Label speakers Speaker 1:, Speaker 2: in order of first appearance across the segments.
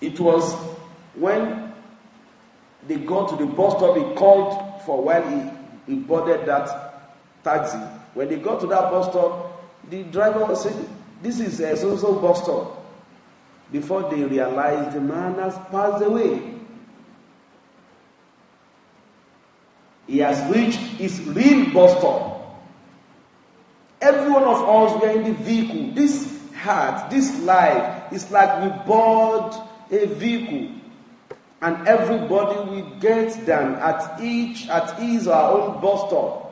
Speaker 1: It was when they got to the bus stop, he called for while, he, he boarded that taxi. When they got to that bus stop, the driver said, This is a uh, social bus stop. Before they realized the man has passed away. He has reached his real bus stop. Every one of us, we are in the vehicle. This heart, this life, is like we board a vehicle and everybody will get them at each at ease our own bus stop.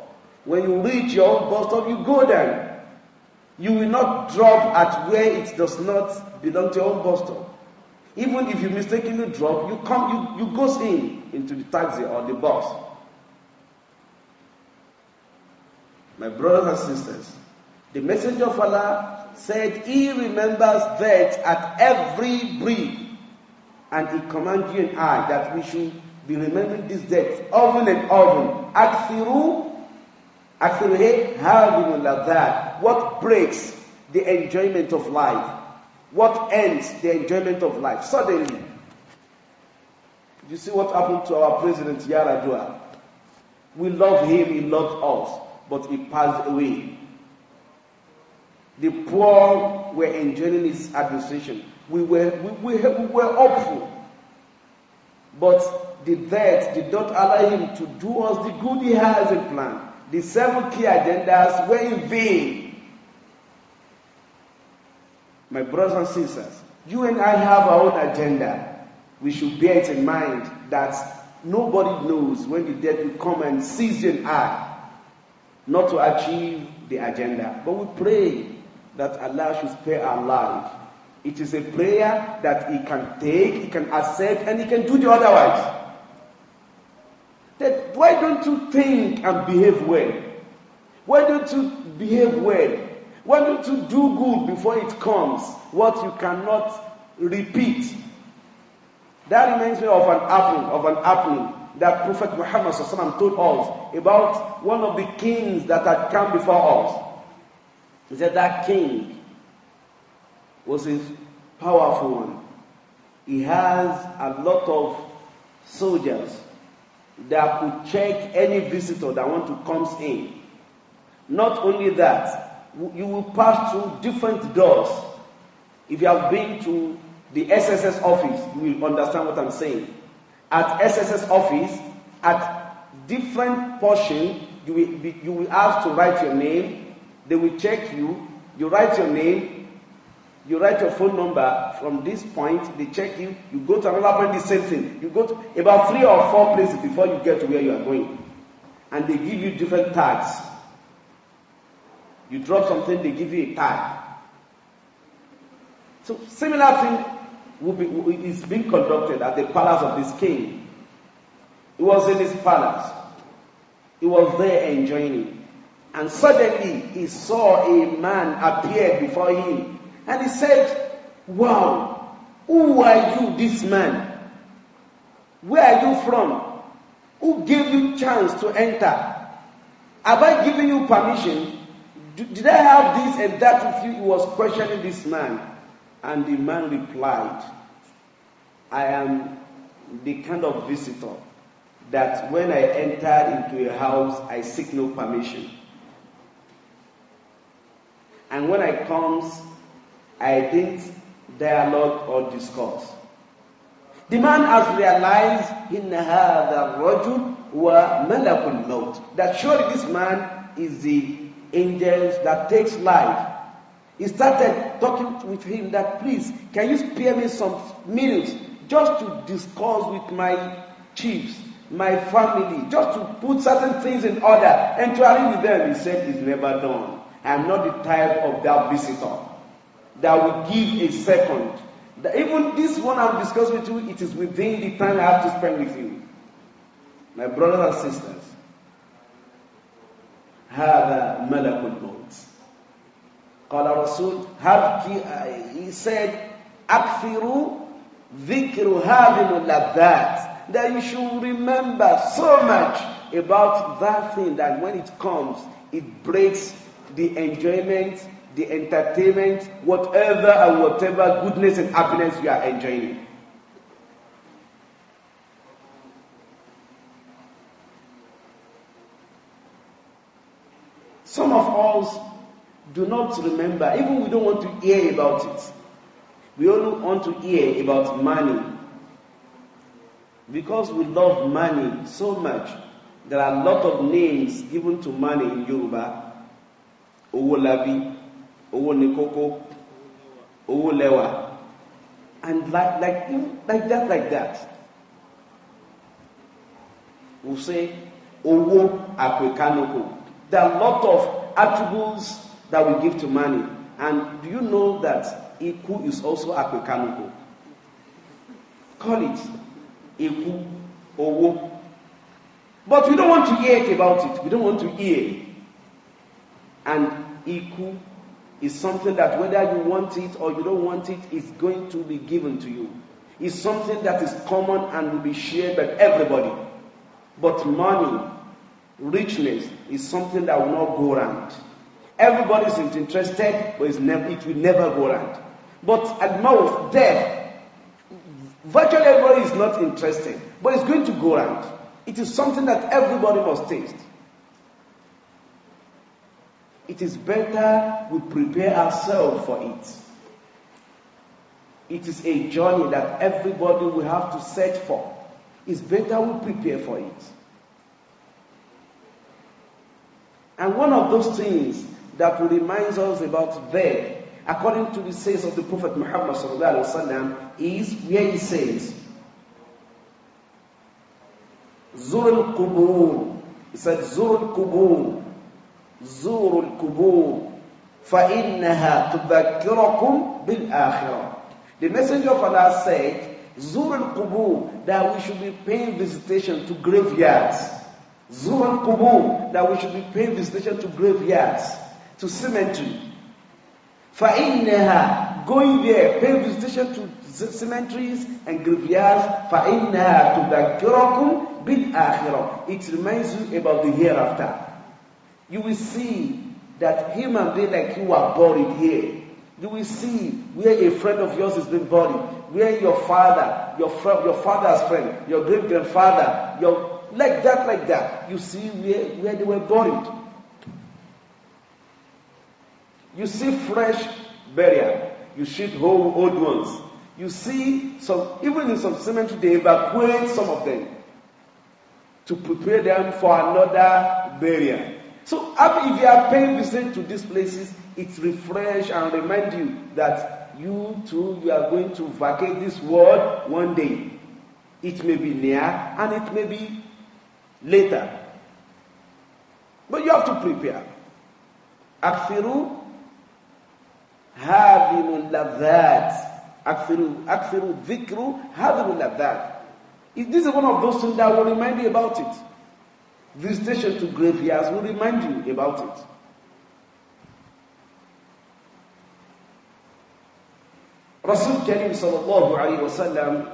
Speaker 1: When you reach your own bus stop, you go there. You will not drop at where it does not belong to your own bus stop. Even if you mistakenly drop, you come, you, you go in into the taxi or the bus. My brothers and sisters, the messenger of Allah said he remembers that at every breath. And he commands you and I that we should be remembering these dates often and often. Aksiru, aksiru having that. What breaks the enjoyment of life? What ends the enjoyment of life? Suddenly. You see what happened to our president Yaradua. We love him, he loved us, but he passed away. The poor were enjoying his administration we were, we, we were hopeful. But the death did not allow him to do us the good he has in plan. The seven key agendas were in vain. My brothers and sisters, you and I have our own agenda. We should bear it in mind that nobody knows when the death will come and seize you not to achieve the agenda. But we pray that Allah should spare our life it is a prayer that he can take, he can accept, and he can do the otherwise. That why don't you think and behave well? Why don't you behave well? Why don't you do good before it comes? What you cannot repeat. That reminds me of an happening, of an happening that Prophet Muhammad told us about one of the kings that had come before us. He said that king was a powerful one. He has a lot of soldiers that could check any visitor that want to comes in. Not only that, you will pass through different doors. If you have been to the SSS office, you will understand what I'm saying. At SSS office, at different portion, you will, be, you will have to write your name. They will check you. You write your name. You write your phone number from this point, they check you, you go to another point, the same thing. You go to about three or four places before you get to where you are going. And they give you different tags. You drop something, they give you a tag. So similar thing will be, is being conducted at the palace of this king. He was in his palace. He was there enjoying it. And suddenly he saw a man appear before him and he said, Wow, who are you, this man? Where are you from? Who gave you chance to enter? Have I given you permission? Did I have this and that with you? He was questioning this man. And the man replied, I am the kind of visitor that when I enter into a house, I seek no permission. And when I comes I think, dialogue or discourse. The man has realized in هذا الرجل وملك الموت that surely this man is the angel that takes life. He started talking with him that please can you spare me some minutes just to discuss with my chiefs, my family, just to put certain things in order and to with them. He said it's never done. I'm not the type of that visitor. that will give a second. That even this one i am discussing with you, it is within the time I have to spend with you. My brothers and sisters, هذا ملك الموت. قال رسول uh, he said أكثروا ذكر هذه اللذات that you should remember so much about that thing that when it comes it breaks the enjoyment the entertainment, whatever and whatever goodness and happiness you are enjoying. Some of us do not remember, even we don't want to hear about it. We only want to hear about money. Because we love money so much, there are a lot of names given to money in Yoruba. Owolabi, owó ni kókó owó lẹ́wà and like like like that like that we we'll say owó àpèkánukò there are a lot of attributes that we give to money and do you know that ikú is also àpèkánukò call it ikú owó but we don't want to hear about it we don't want to hear and ikú is something that whether you want it or you don't want it, is going to be given to you. It's something that is common and will be shared by everybody. But money, richness, is something that will not go around. Everybody is interested, but never, it will never go around. But at most, death, virtually everybody is not interested, but it's going to go around. It is something that everybody must taste it is better we prepare ourselves for it. It is a journey that everybody will have to search for. It's better we prepare for it. And one of those things that reminds us about there, according to the sayings of the Prophet Muhammad وسلم, is where he says, Zurul Kubur. He said, Zurul Kubur. زوروا القبور فإنها تذكركم بالآخرة. The messenger of Allah said, زور Qubur, that we should be paying visitation to graveyards. زور Qubur, that we should be paying visitation to graveyards, to cemetery. فَإِنَّهَا Going there, paying visitation to cemeteries and graveyards. فَإِنَّهَا تُذَكِّرَكُمْ بِالْآخِرَةِ It reminds you about the hereafter you will see that human being like you are buried here. You will see where a friend of yours is being buried, where your father, your your father's friend, your great grandfather, your like that, like that. You see where, where they were buried. You see fresh burial. You see old old ones. You see some even in some cemetery they evacuate some of them to prepare them for another burial. So if you are paying visit to these places, it refresh and remind you that you too you are going to vacate this world one day. It may be near and it may be later. But you have to prepare. Akfiru, أكثروا هذم Akfiru Akfiru Vikru ذكر هذم اللذات This is one of those things that will remind you about it. Visitation to graveyards will remind you about it. Rasul Karim sallallahu alayhi wasallam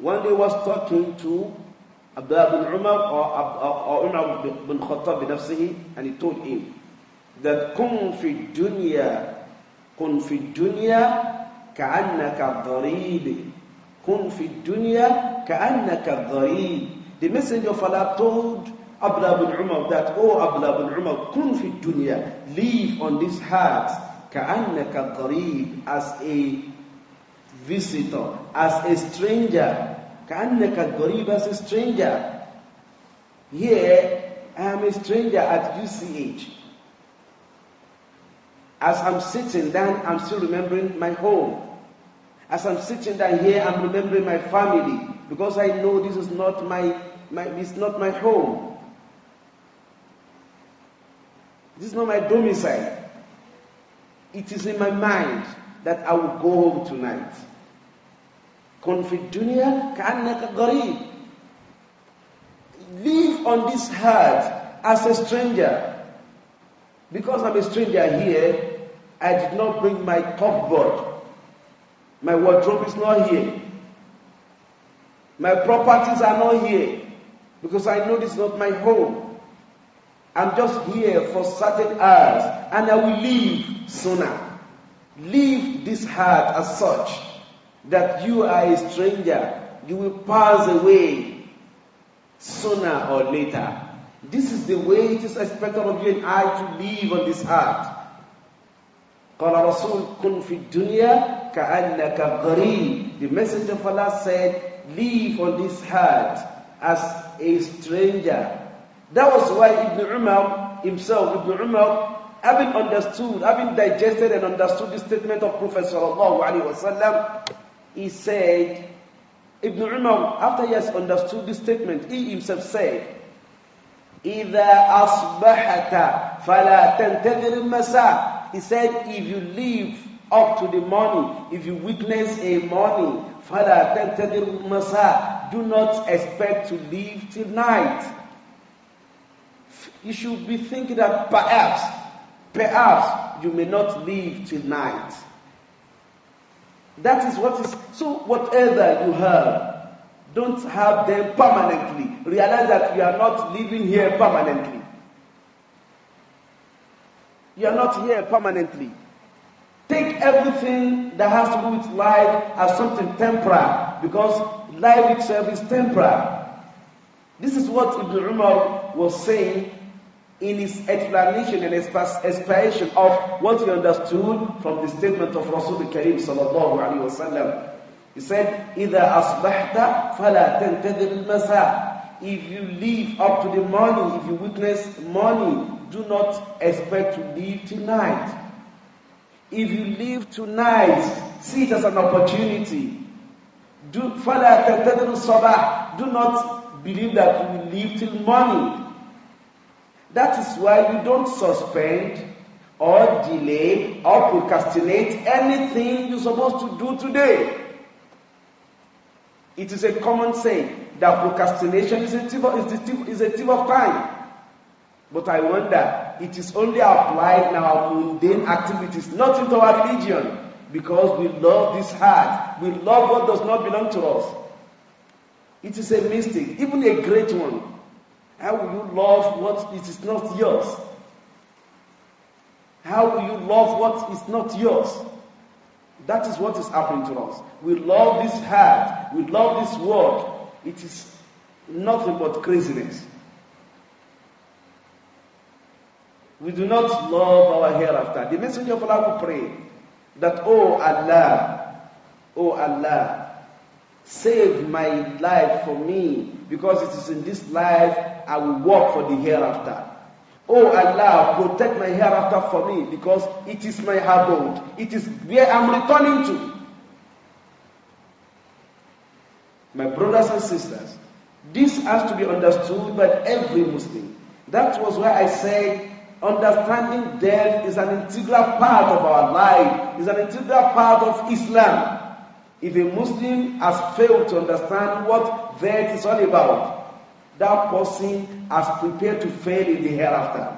Speaker 1: one day was talking to Abdullah bin Umar or, or Umar bin Khattab بنفسه and he told him that kun fi dunya kun fi dunya ka'annaka dharib kun fi dunya ka'annaka dharib the messenger of Allah told Abla bin Umar that, oh Abla bin Umar, kun fi dunya, live on this earth, ka'annaka qarib, as a visitor, as a stranger, ka'annaka qarib, as a stranger. Here, I am a stranger at UCH. As I'm sitting down, I'm still remembering my home. As I'm sitting down here, I'm remembering my family because I know this is not my, my, it's not my home. This is not my domicile. It is in my mind that I will go home tonight. Confidunia في الدنيا Live on this earth as a stranger. Because I'm a stranger here, I did not bring my cupboard. My wardrobe is not here. My properties are not here. Because I know this is not my home. I'm just here for certain hours and I will leave sooner. Leave this heart as such that you are a stranger. You will pass away sooner or later. This is the way it is expected of you and I to live on this heart. قال رسول كن في الدنيا كأنك غريب. The messenger of Allah said, live on this heart as a stranger That was why Ibn Umar himself, Ibn Umar, having understood, having digested and understood the statement of Prophet sallallahu alaihi wasallam, he said, Ibn Umar, after he has understood this statement, he himself said, إِذَا أَصْبَحَتَ فَلَا تَنْتَذِرِ الْمَسَاءِ He said, if you leave up to the morning, if you witness a morning, فَلَا تَنْتَذِرِ الْمَسَاءِ Do not expect to leave till night. you should be thinking that perhaps, perhaps you may not leave tonight. That is what is. So, whatever you have, don't have them permanently. Realize that you are not living here permanently. You are not here permanently. Take everything that has to do with life as something temporary because life itself is temporary. This is what Ibn Umar was saying in his explanation and explanation of what he understood from the statement of Rasul Karim sallallahu alaihi wasallam. He said, "Either asbahta fala tantadhir al If you leave up to the morning, if you witness morning, do not expect to leave tonight. If you leave tonight, see it as an opportunity. Do Do not believe that you will leave till morning. That is why you don't suspend or delay or procrastinate anything you're supposed to do today. It is a common saying that procrastination is a thief of, is thief, is a thief of time. But I wonder, it is only applied in our mundane activities, not into our religion, because we love this heart. We love what does not belong to us. It is a mistake, even a great one. How will you love what it is not yours? How will you love what is not yours? That is what is happening to us. We love this heart. We love this world. It is nothing but craziness. We do not love our hereafter. The messenger of Allah will pray that, Oh Allah, Oh Allah, Save my life for me, because it is in this life I will work for the hereafter. Oh Allah, protect my hereafter for me, because it is my abode. It is where I'm returning to. My brothers and sisters, this has to be understood by every Muslim. That was why I said understanding death is an integral part of our life, is an integral part of Islam. If a Muslim has failed to understand what that is all about, that person has prepared to fail in the hereafter.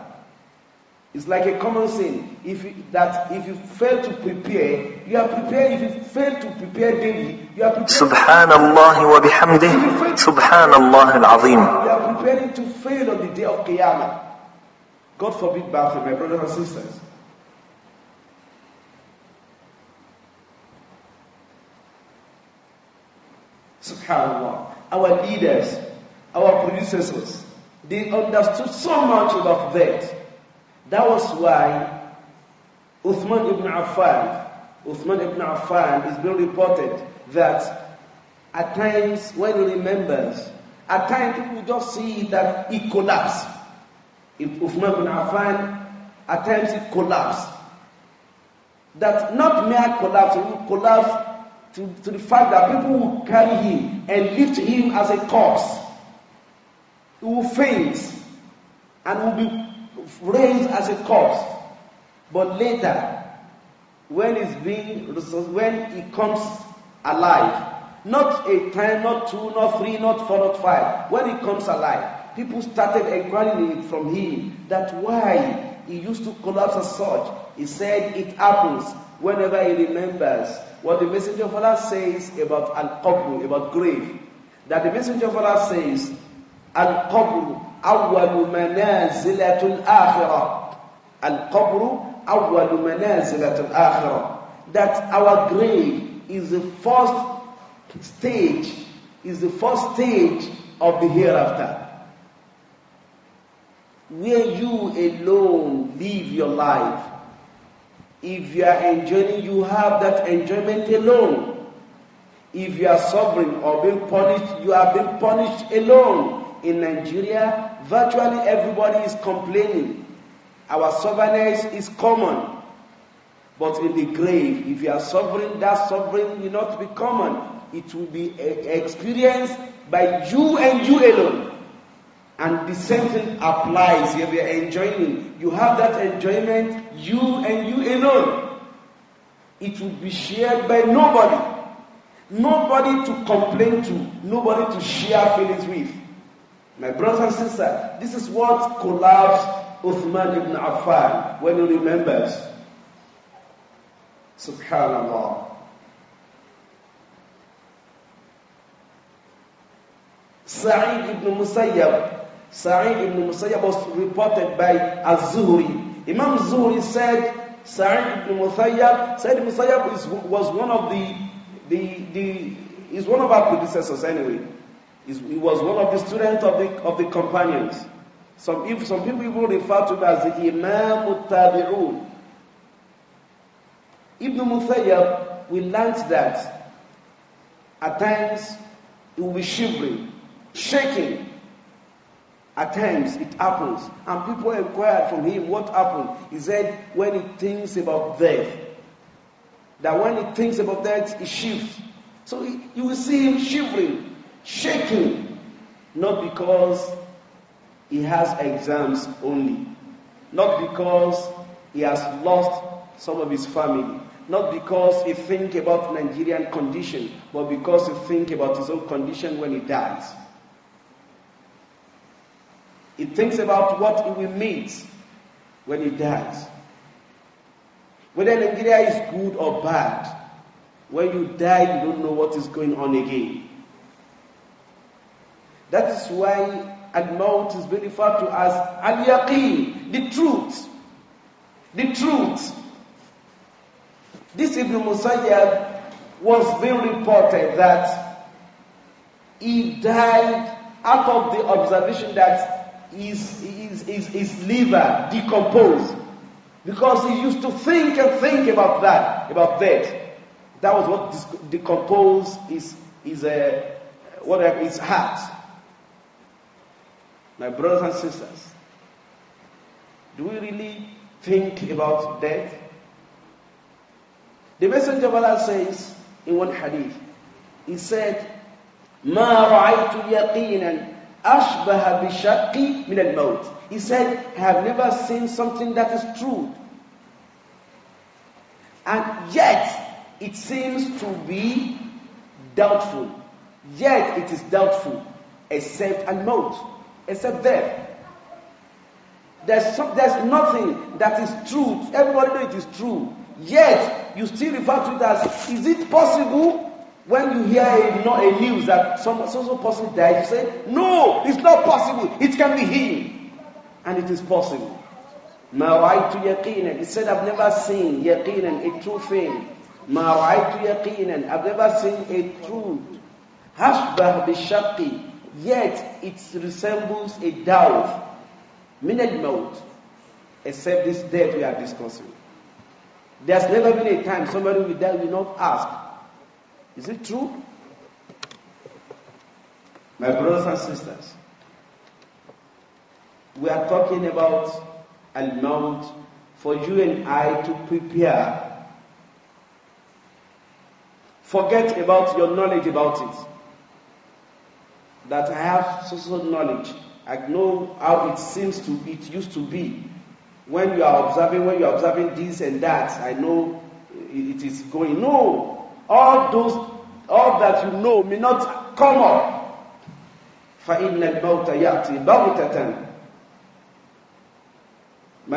Speaker 1: It's like a common saying: If you, that if you fail to prepare, you are prepared. If you fail to prepare daily, you are prepared. Subhanallah wa bihamdih. Subhanallah al-azim. You are preparing to fail on the day of Qiyamah. God forbid, my brothers and sisters. Subhanallah. Our leaders, our predecessors, they understood so much about that. That was why Uthman ibn Affan, Uthman ibn Affan is being reported that at times when he remembers, at times people just see that he collapsed. If Uthman ibn Affan, at times he collapsed. That not mere collapse, he collapsed to, to the fact that people will carry him and lift him as a corpse. He will faint and will be raised as a corpse. But later, when he's being, when he comes alive, not a time, not two, not three, not four, not five, when he comes alive, people started inquiring from him that why he used to collapse as such. He said it happens whenever he remembers what the messenger of Allah says about al-qabr, about grave, that the messenger of Allah says, al-qabr awwal manazilatul akhirah. Al-qabr awwal manazilatul akhirah. That our grave is the first stage, is the first stage of the hereafter. Where you alone live your life If you are enjoying, you have that enjoyment alone. If you are suffering or being punished, you are being punished alone. In Nigeria, virtually everybody is complaining. Our sovereignty is common. But in the grave, if you are suffering, that suffering will not be common. It will be experienced by you and you alone. And the same thing applies here. We are enjoying. You have that enjoyment, you and you alone. It will be shared by nobody. Nobody to complain to, nobody to share feelings with. My brothers and sisters, this is what collapsed Uthman ibn Affan when he remembers. Subhanallah. Sa'id ibn Musayyab Sa'id ibn Musayyab was reported by Az-Zuhri. Imam Zuhri said Sa'id ibn Musayyab, Sa'id ibn Musayyab is, was one of the, the, the, is one of our predecessors anyway. He's, he was one of the students of the, of the companions. Some, if, some people even refer to him as the Imam Tabi'un. Ibn Musayyab, we learned that at times he will be shivering, shaking, At times it happens. And people inquired from him what happened. He said, when he thinks about death, that when he thinks about death, he shifts. So he, you will see him shivering, shaking, not because he has exams only, not because he has lost some of his family, not because he think about Nigerian condition, but because he think about his own condition when he dies. He thinks about what he will meet when he dies. Whether Nigeria is good or bad, when you die, you don't know what is going on again. That is why Al is very referred to as Al Yaqeen, the truth. The truth. This Ibn Musayyab was being reported that he died out of the observation that his, his, his, his liver decomposed because he used to think and think about that, about that. That was what decomposed his, his, uh, his heart. My brothers and sisters, do we really think about death? The Messenger of Allah says in one hadith, he said, ما رأيت يقينا Ashbaha bishaqi min al-maut. He said, I have never seen something that is true. And yet, it seems to be doubtful. Yet, it is doubtful, except al-maut, except there, There's, some, there's nothing that is true. Everybody know it is true. Yet, you still refer to it as, is it possible? When you hear a, not a news that some so person died, you say, No, it's not possible. It can be him. And it is possible. ما رأيت يقينا He said, I've never seen يقينا, a true thing. ما رأيت I've never seen a truth. أشبه بالشق Yet it resembles a doubt. من الموت Except this death we are discussing. There's never been a time somebody will die will not ask, is it true? My brothers and sisters, we are talking about a Mount for you and I to prepare. Forget about your knowledge about it. That I have social knowledge. I know how it seems to be, it used to be. When you are observing, when you are observing this and that, I know it is going. No, all those all that you know may not come up. My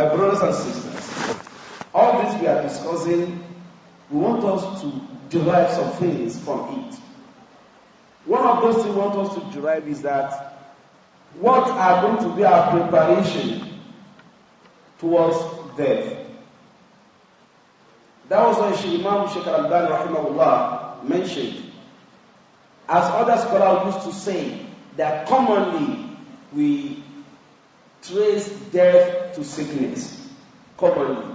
Speaker 1: brothers and sisters, all this we are discussing, we want us to derive some things from it. One of those things we want us to derive is that what are going to be our preparation towards death? That was why Imam Sheikh Al-Ban mentioned as other scholars used to say, that commonly we trace death to sickness. Commonly.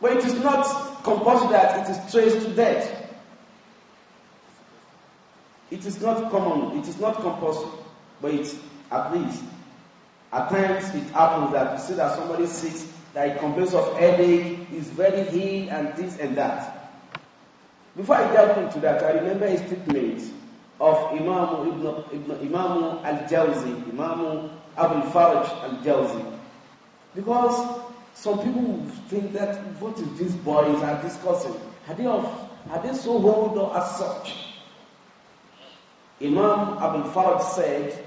Speaker 1: But it is not compulsory that it is traced to death. It is not common, it is not compulsory, but it at least at times it happens that you see that somebody sick, that he complains of headache, is very ill, and this and that. Before I jump into that, I remember a statement of Imam Ibn, Ibn Imam Al-Jawzi, Imam Abul Faraj Al-Jawzi. Because some people think that what is these boys are discussing? Are they, of, are they so old or as such? Imam Abul Faraj said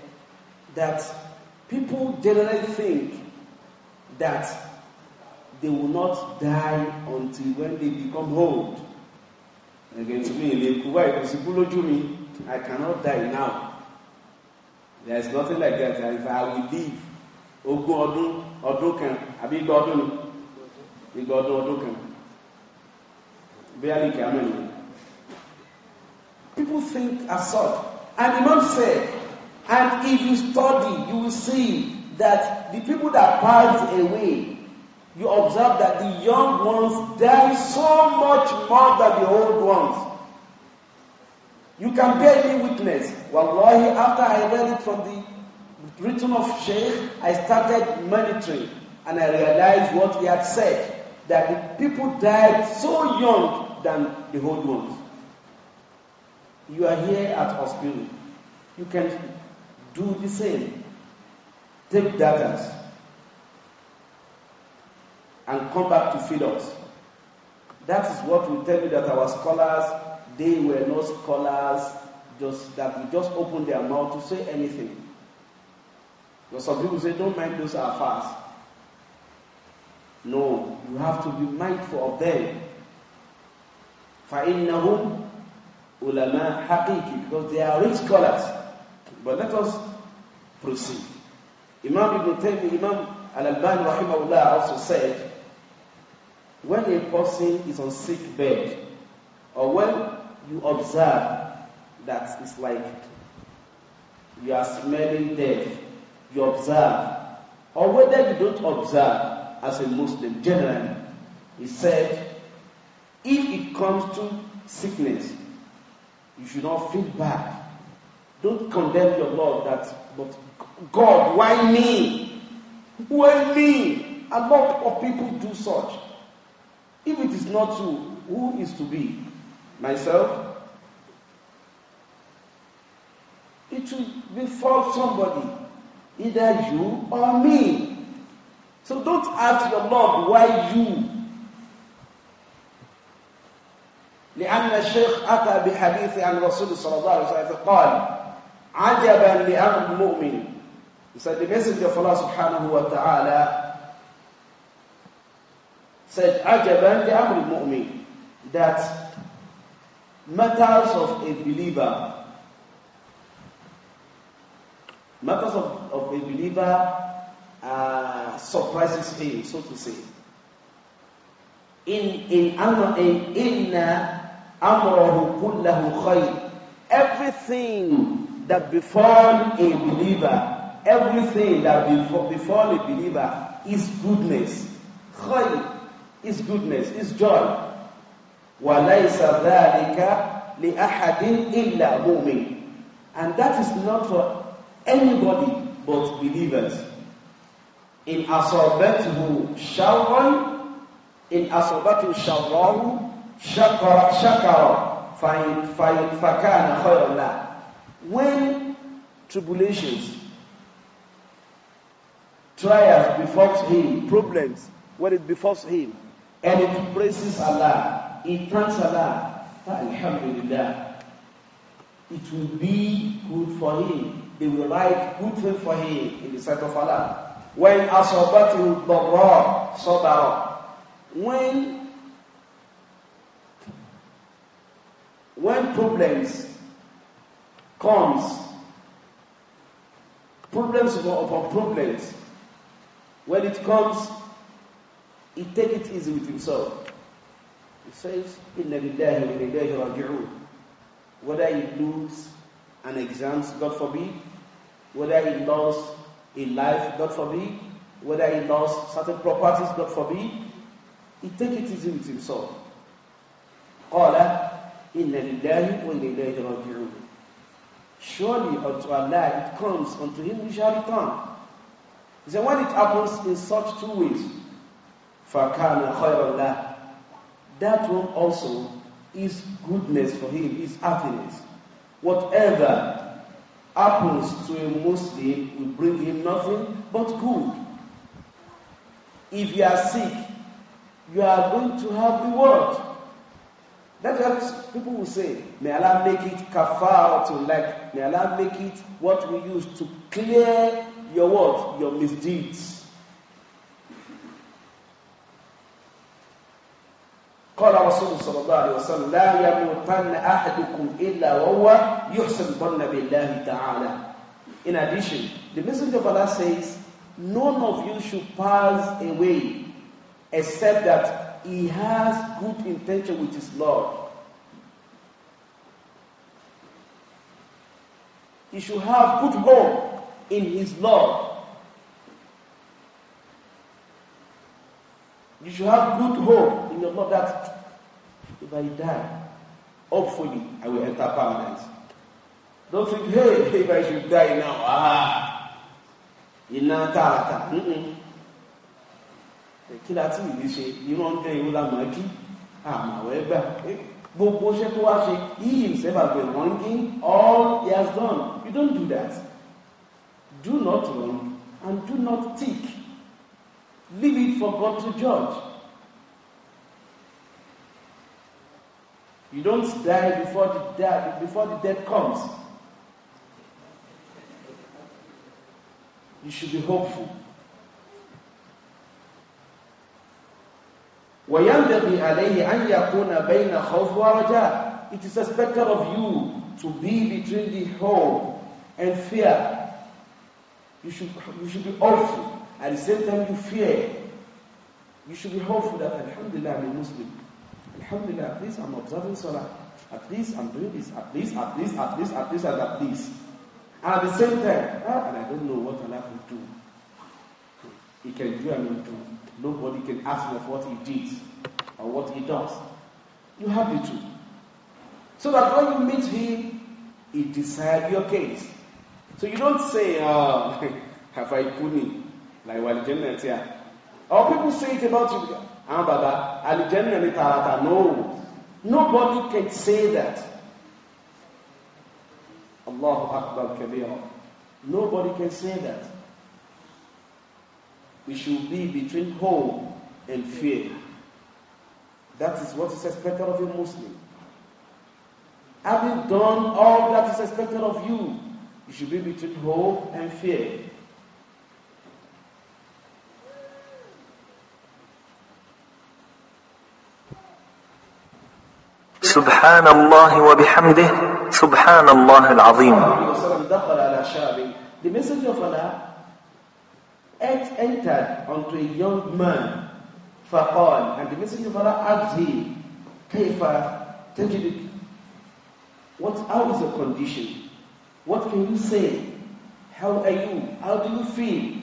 Speaker 1: that people generally think that they will not die until when they become old. ẹgbẹ́ tí mi lè kú báyìí kò sí I cannot die now there is nothing like that if I will live ogún ọdún ọdún kan àbí igba ọdún ni igba ọdún ọdún kan bí a lè people think as such and Imam said and if you study you will see that the people that passed away you observe that the young ones die so much more than the old ones. You can bear me witness. Wallahi, after I read it from the written of Sheikh, I started monitoring and I realized what he had said that the people died so young than the old ones. You are here at hospital. You can do the same. Take data and come back to feed us. That is what will tell you that our scholars, they were not scholars just that we just open their mouth to say anything. Because some people say, don't mind those are fast. No, you have to be mindful of them. فَإِنَّهُمْ ulama حَقِيقِ Because they are rich scholars. But let us proceed. Imam Ibn Taymiyyah, Imam Al-Albani rahimahullah also said, when a person is on sick bed, or when you observe that it's like you are smelling death, you observe, or whether you don't observe as a Muslim generally, he said, if it comes to sickness, you should not feel bad. Don't condemn your Lord that, but God, why me? Why me? A lot of people do such. If it is not you, who is to be? Myself? It should befall somebody, either you or me. So don't ask your Lord why you. لأن الشيخ أتى بحديث عن رسول صلى الله عليه وسلم قال عجبا لأمر المؤمن He said the messenger of Allah subhanahu wa ta'ala said Ajaban the Amri Mu'min that matters of a believer matters of, of a believer uh, surprises him so to say in in in inna uh, amrahu kullahu khayr everything that befall a believer everything that befall, befall a believer is goodness khayr Is goodness, is joy. وَلَيْسَ ذَلِكَ لِأَحَدٍ إِلَّا مُؤْمِنٍ And that is not for anybody but believers. إِنْ أَصَابَتْهُ شَرًّا إِنْ أَصَابَتْهُ شَرًّا شَكَرَ شَكَرَ فَإِنْ فَكَانَ خَيْرًا لَهُ When tribulations, trials befalls him, problems, when it befalls him, and it praises Allah. It thanks Allah. Alhamdulillah. It will be good for him. They will write good thing for him in the sight of Allah. When asabatu darra sabara. When when problems comes, problems of problems, when it comes he take it easy with himself. He says, Inna lillahi wa ilayhi raji'un. Whether he lose an exam, God forbid, whether he lost a life, God forbid, whether he lost certain properties, God forbid, he take it easy with himself. قال إن لله وإليه راجعون Surely unto Allah it comes, unto him which shall return. He said, when it happens in such two ways, فَكَانَ خَيْرًا لَهُ That one also is goodness for him, is happiness. Whatever happens to a Muslim will bring him nothing but good. If you are sick, you are going to have the world That's what people will say. May Allah make it kafar to like. May Allah make it what we use to clear your what? Your misdeeds. قال رسول صلى الله عليه وسلم لا يموتن أحدكم إلا وهو يحسن ظن بالله تعالى In addition, the Messenger of Allah says, none of you should pass away except that he has good intention with his Lord. He should have good hope in his Lord. You should have good hope in your Lord that if I die, hopefully I will enter paradise. Don't think, hey, if I should die now, ah, iná tààtà. Kí la tí ìlú ṣe, irú ń tẹ́ ìwúlá mọ́ kí, àmàwẹ́ gbà. Gbogbo ṣẹ́ tó wá ṣe, he himself has been wronging all he has done. You don't do that. Do not wrong and do not tick. Leave it for God to judge. You don't die before the death before the death comes. You should be hopeful. It is expected of you to be between the hope and fear. You should, you should be hopeful. At the same time, you fear. You should be hopeful that, Alhamdulillah, I'm a Muslim. Alhamdulillah, at least I'm observing Salah. At least I'm doing this. At least, at least, at least, at least, and at least. And at the same time, ah, and I don't know what Allah will do. He can do and not do. Nobody can ask him of what he did or what he does. You have the two. So that when you meet him, he decides your case. So you don't say, ah, have I punished? like wà àlìjẹ́nà tí a or people say it about you Ah, bàbá àlìjẹ́nà ní tààràtà no nobody can say that Allahu akbar nobody can say that we should be between hope and fear that is what is expected of a Muslim having done all that is expected of you you should be between hope and fear سبحان الله وبحمده سبحان الله العظيم دخل على شاب The messenger of Allah entered onto a young man فقال and the messenger of Allah asked him كيف تجد what how is your condition what can you say how are you how do you feel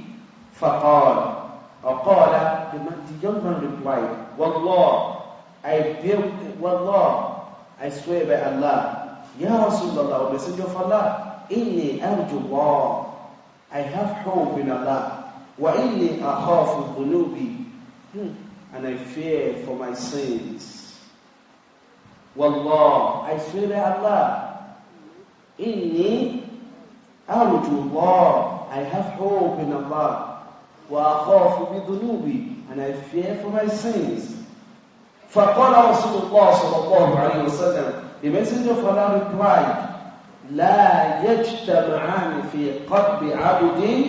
Speaker 1: فقال وقال the young man replied والله I bear والله I swear by Allah, Ya Rasulullah, Messenger of Allah, Inni arjullah, I have hope in Allah, wa inni akhafu dhunubi, hmm. and I fear for my sins. Wallah, I swear by Allah, Inni arjullah, I have hope in Allah, wa akhafu bi dhunubi, and I fear for my sins. فقال رسول الله صلى الله عليه وسلم The messenger of Allah replied لا يجتمعان في قلب عبد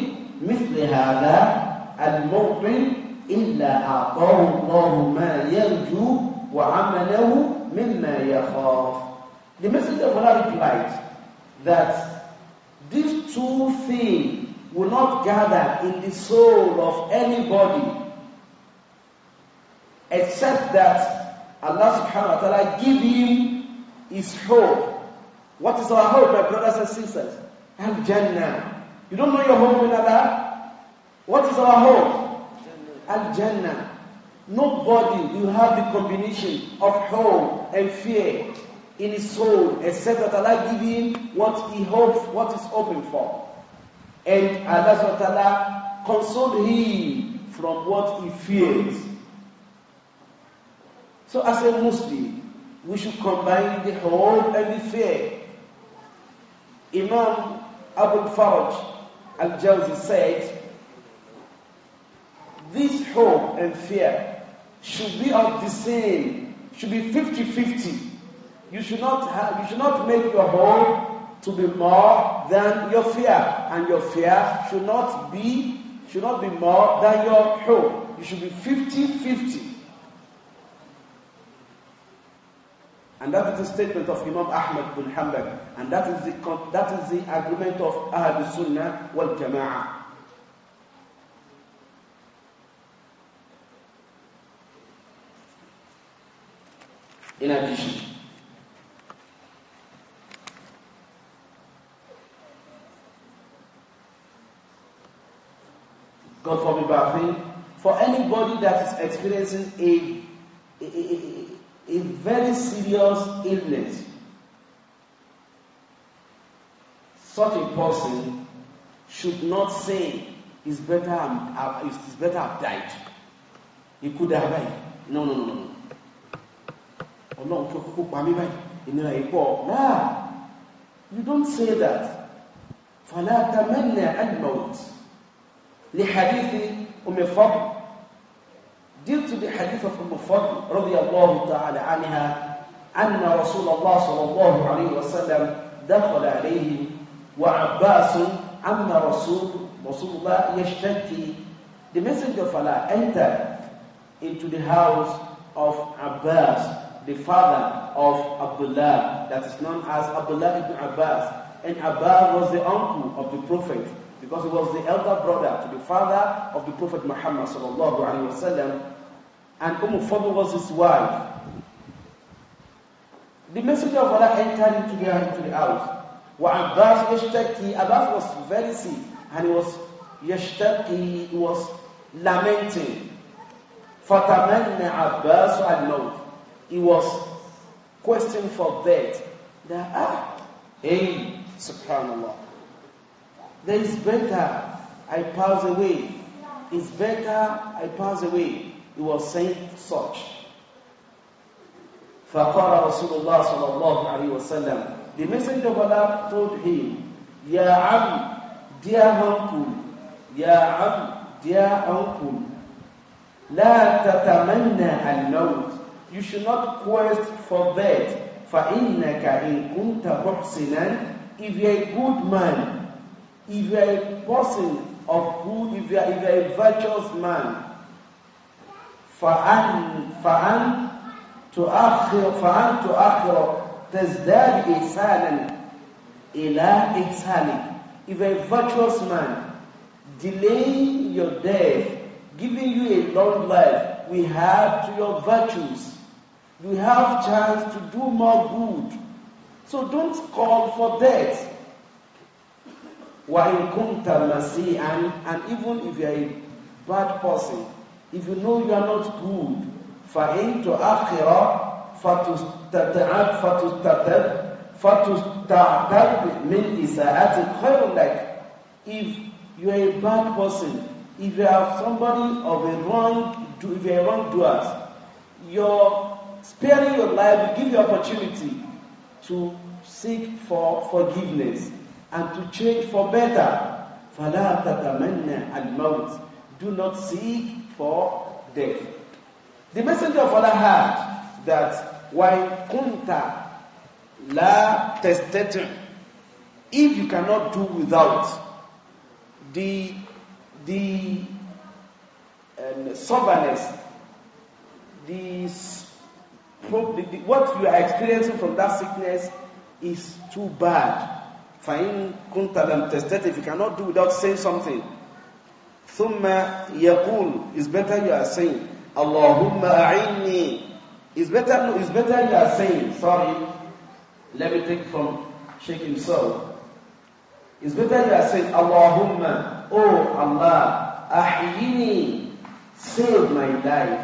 Speaker 1: مثل هذا الموطن إلا أعطاه الله ما يرجو وعمله مما يخاف The messenger of Allah replied that these two things will not gather in the soul of anybody except that Allah subhanahu wa ta'ala give him his hope. What is our hope, my brothers and sisters? Al Jannah. You don't know your hope in Allah? What is our hope? Al Jannah. Nobody will have the combination of hope and fear in his soul except that Allah give him what he hopes, what is hoping for. And Allah subhanahu wa ta'ala console him from what he fears. So as a Muslim, we should combine the hope and the fear. Imam Abu Faraj Al-Jawzi said, this hope and fear should be of the same, should be 50-50. You should not have, you should not make your hope to be more than your fear, and your fear should not be, should not be more than your hope. You should be 50-50. And that is the statement of Imam Ahmad bin Hanbal. And that is the, that is the agreement of Ahl Sunnah wal Jama'ah. In addition, God forbid, but I think for anybody that is experiencing a, a, a, a a very serious illness. Such a person should not say, it's better, I'm, uh, it's better I've died. He could have died. No, no, no, no. Ọlọ́run kí you don't say that. فَلَا تَمَنَّ الْمَوْتِ لِحَدِيثِ أُمِ فَضْلٍ the messenger of Allah entered into the house of Abbas, the father of Abdullah, that is known as Abdullah ibn Abbas. And Abbas was the uncle of the Prophet, because he was the elder brother to the father of the Prophet Muhammad sallallahu wa sallam and Umm was his wife. The messenger of Allah entered into the, into the house. وَعَبَّاسُ Abbas was very sick and he was يَشْتَكِي, he was lamenting. Abbas. I الْمَوْتِ He was questioning for death. That, ah, hey, subhanAllah. There is better I pass away. It's better I pass away. He was saying such. فَقَالَ رَسُولُ اللَّهِ صَلَى اللَّهُ عَلَيْهِ وَسَلَّمَ The messenger of Allah told him, يا Am, dear uncle, يا Am, dear uncle, لا تتمنى الموت You should not quest for that. فإنك إن كنت محسنا If you are a good man, if you are a person of good, if you are, if you are a virtuous man, فعن فعن تؤخر فعن تؤخر تزداد إحسانا إلى إحسانك If a virtuous man delaying your death, giving you a long life, we have to your virtues. You have chance to do more good. So don't call for death. وَإِن كُنْتَ مَسِيئًا And even if you are a bad person, if you know you are not good, فَإِنْ تُؤَخِّرَ فَتُسْتَتَبْ فَتُسْتَعْتَبْ مِنْ إِسَاءَةِ خَيْرٌ لَكَ If you are a bad person, if you are somebody of a wrong, if you are wrongdoers, you're sparing your life, you give you opportunity to seek for forgiveness and to change for better. فَلَا تَتَمَنَّ الْمَوْتِ Do not seek for death. The Messenger of Allah had that why kunta la testatin if you cannot do without the the um, soberness the, the, the, what you are experiencing from that sickness is too bad. Fine, kunta lam testet. If you cannot do without saying something, ثم يقول إثبتها لأسين اللهم أعيني إثبتها إثبتها لأسين sorry let me take from شيخ himself إثبتها لأسين اللهم أو الله أحييني save my life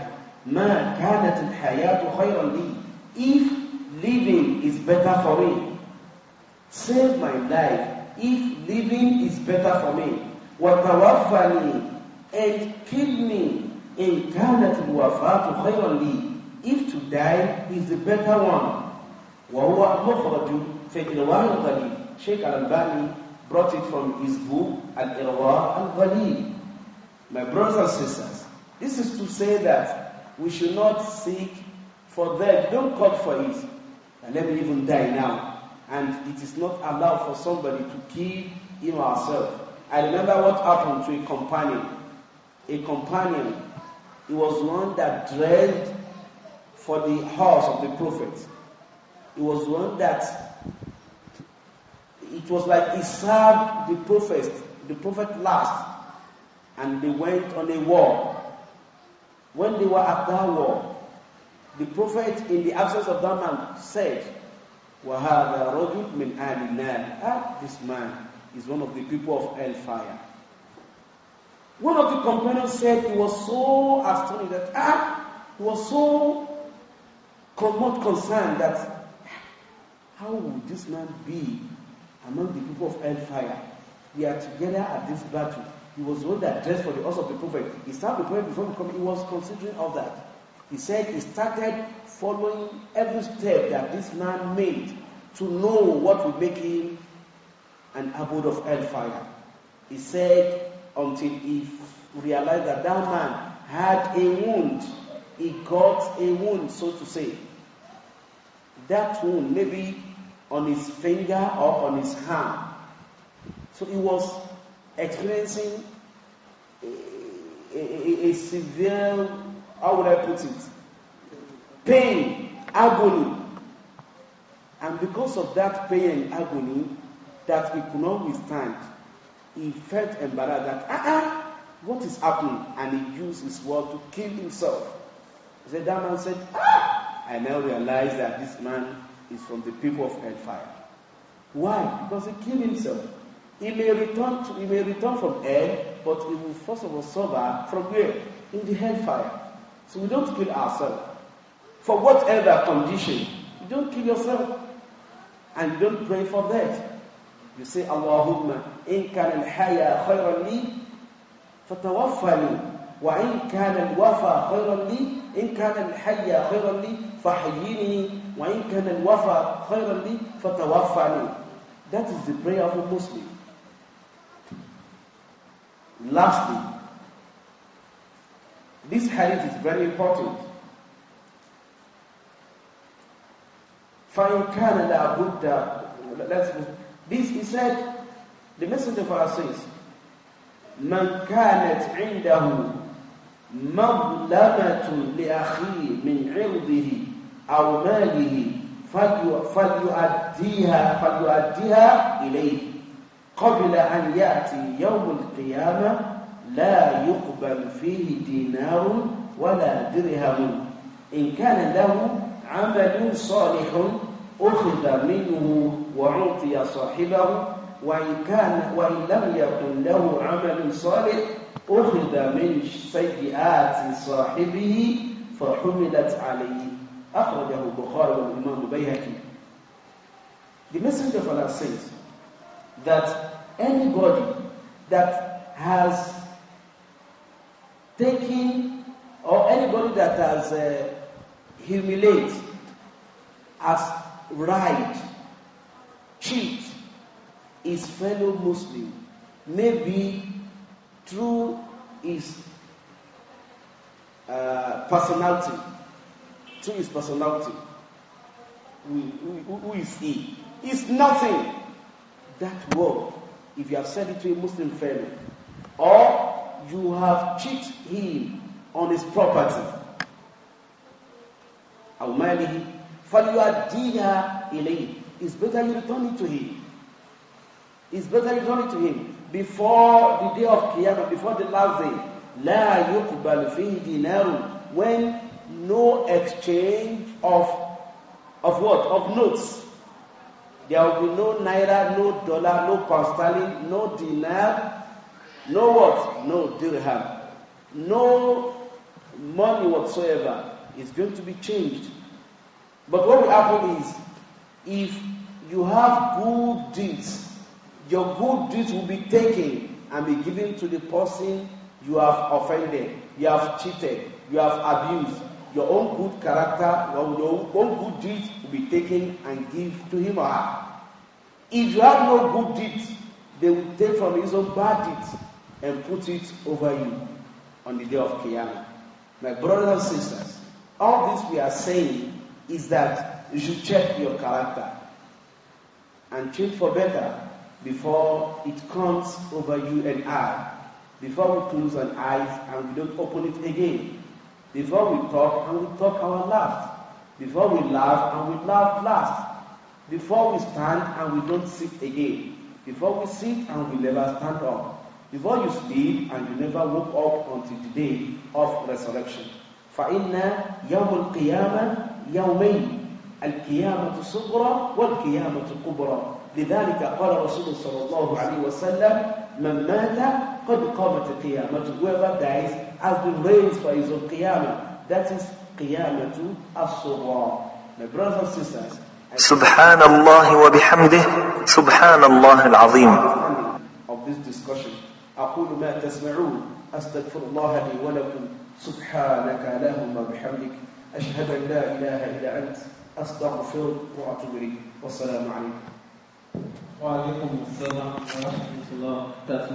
Speaker 1: ما كانت الحياة خيرا لي if living is better for me save my life if living is better for me وتوفني and kill me in كانت الوفاة خيرا لي if to die is the better one وهو مخرج في إرواء الغليل Sheikh Al-Albani brought it from his book Al-Irwa Al-Ghalil my brothers and sisters this is to say that we should not seek for that don't call for it and let me even die now and it is not allowed for somebody to kill him ourselves. I remember what happened to a companion. A companion, he was one that dreaded for the house of the prophet. He was one that it was like he served the prophet, the prophet last, and they went on a war. When they were at that war, the prophet, in the absence of that man, said, وَهَذَا رَجُلٌ min آلِ النَّارِ At this man is one of the people of hellfire. One of the companions said he was so astonished that ah, he was so not concerned that ah, how would this man be among the people of hellfire? We are together at this battle. He was the one that dressed for the house of the prophet. He started the before coming. He was considering all that. He said he started following every step that this man made to know what would make him an abode of hellfire. He said, until he realized that that man had a wound, he got a wound, so to say. That wound, maybe on his finger or on his hand. So he was experiencing a, a, a severe, how would I put it? Pain, agony. And because of that pain and agony, that he could not withstand. He felt embarrassed that, ah, ah, what is happening? And he used his word to kill himself. He said, that man said, ah, I now realize that this man is from the people of hellfire. Why? Because he killed himself. He may return, to, he may return from hell, but he will first of all suffer from where? In the hellfire. So we don't kill ourselves. For whatever condition? You don't kill yourself. And you don't pray for that. You say, Allahumma, إن كان الحياة خيرا لي فتوفني وإن كان الوفى خيرا لي إن كان الحياة خيرا لي فحييني وإن كان الوفى خيرا لي فتوفني That is the prayer of a Muslim. Lastly, this hadith is very important. فإن كان لابد let's This he said, the Messenger of Allah says, من كانت عنده مظلمة لأخيه من عرضه أو ماله فليؤديها فليؤديها إليه قبل أن يأتي يوم القيامة لا يقبل فيه دينار ولا درهم إن كان له عمل صالح أخذ منه وعطي صاحبه وإن, كان وإن لم يكن له عمل صالح أخذ من سيئات صاحبه فحملت عليه أخرجه البخاري والإمام البيهقي The Messenger of Allah says that anybody that has taken or anybody that has uh, humiliated, as ride, cheat his fellow Muslim, maybe through his uh, personality, through his personality. Who, who, who is he? It's nothing. That word, if you have said it to a Muslim fellow, or you have cheated him on his property, أو فَلْيُعَدِّيهَا إِلَيْهِ It's better you return it to him. It's better you return it to him before the day of Qiyamah, before the last day. لَا يُقْبَلْ فِيهِ دِينَارٌ When no exchange of, of what? Of notes. There will be no naira, no dollar, no pound sterling, no dinar, no what? No dirham. No money whatsoever is going to be changed But what will happen is, if you have good deeds, your good deeds will be taken and be given to the person you have offended, you have cheated, you have abused. Your own good character, your own good deeds will be taken and give to him or her. If you have no good deeds, they will take from his own bad deeds and put it over you on the day of Qiyamah. My brothers and sisters, all this we are saying is that you should check your character and change for better before it comes over you and I. Before we close our eyes and we don't open it again. Before we talk and we talk our laugh. Before we laugh and we laugh last. Before we stand and we don't sit again. Before we sit and we never stand up. Before you sleep and you never woke up until the day of resurrection. فَإِنَّ يَوْمُ الْقِيَامَةِ يومين القيامة الصغرى والقيامة الكبرى لذلك قال رسول صلى الله عليه وسلم من مات قد قامت القيامة whoever dies has been raised for his own قيامة that is قيامة الصغرى my brothers and sisters سبحان الله وبحمده سبحان الله العظيم of this discussion أقول ما تسمعون أستغفر الله لي ولكم سبحانك اللهم وبحمدك أشهد أن لا إله إلا أنت أستغفر وأتوب إليك والسلام عليكم وعليكم السلام ورحمة الله وبركاته